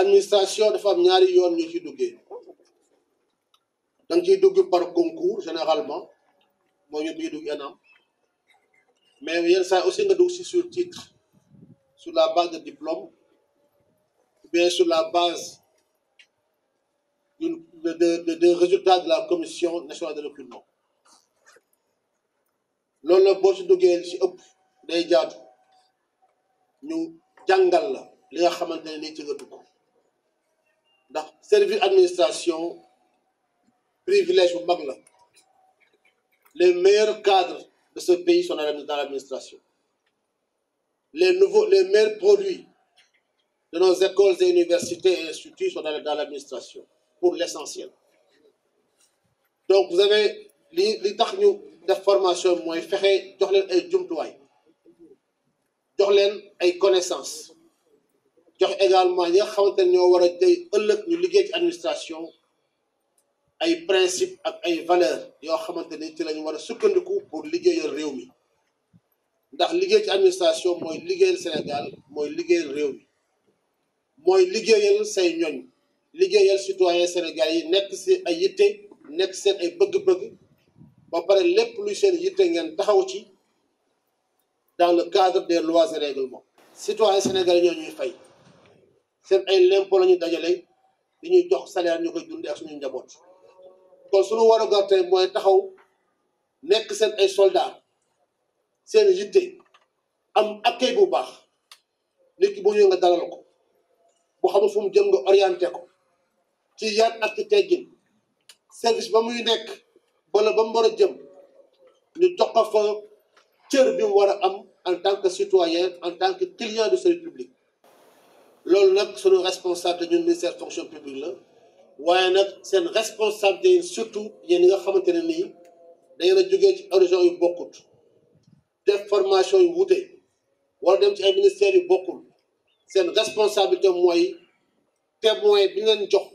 administration de am ñaari yoon ñu ci par concours généralement mais aussi nga dugg si sur titre sur la base de diplôme bien sur la base de résultats de la commission nationale de recrutement la si ëpp servir administration privilège au Bangladesh. les meilleurs cadres de ce pays sont dans l'administration les meilleurs produits de nos écoles et universités et instituts sont dans l'administration pour l'essentiel donc vous avez les formations de formation moins connaissances jox également ñi nga xamante ñoo war a tey ëllëg ñu liggéey ci administration ay principe ak ay valeur yoo xamante ni ci lañu war a sukkandiku pour liggéeyal réew mi ndax liggéey ci administration mooy liggéeyal Sénégal mooy liggéeyal réew mi mooy liggéeyal say ñoñ liggéeyal citoyen Sénégal yi nekk si ay yitte nekk seen ay bëgg-bëgg ba pare lépp luy seen yitte ngeen taxaw ci dans le cadre des lois et règlements citoyen Sénégal ñoo ñuy fay seen ay lempo la ñuy dajale di ñuy jox salaire ñu koy dundee ak suñu njaboot kon suñu war a gar tey mooy taxaw nekk seen ay soldat seen yitte am accueil bu baax nit ki bu nga dalal ko bu xamul fu mu jëm nga orienté ko ci yaat ak teggin service ba muy nekk bala ba mu war a jëm ñu jox ko fa cër bi mu war a am en tant que citoyen en tant que client de service publique loolu nag sunu responsable ñun ministère fonction publique la waaye nag seen responsabilité surtout yéen ñi nga xamante ne nii dangeen a jógee ci origine yu bokkut def formation yu wuute wala dem ci ay ministères yu bokkul seen responsabilité mooy témoin bi ngeen jox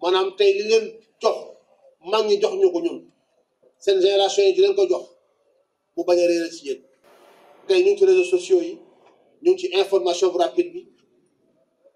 maanaam tey li ngeen jox mag ñi jox ñu ko ñun seen génération yi di leen ko jox bu bañ a réer ci yéen tey ñu ci réseaux sociaux yi ñu ci information rapide bi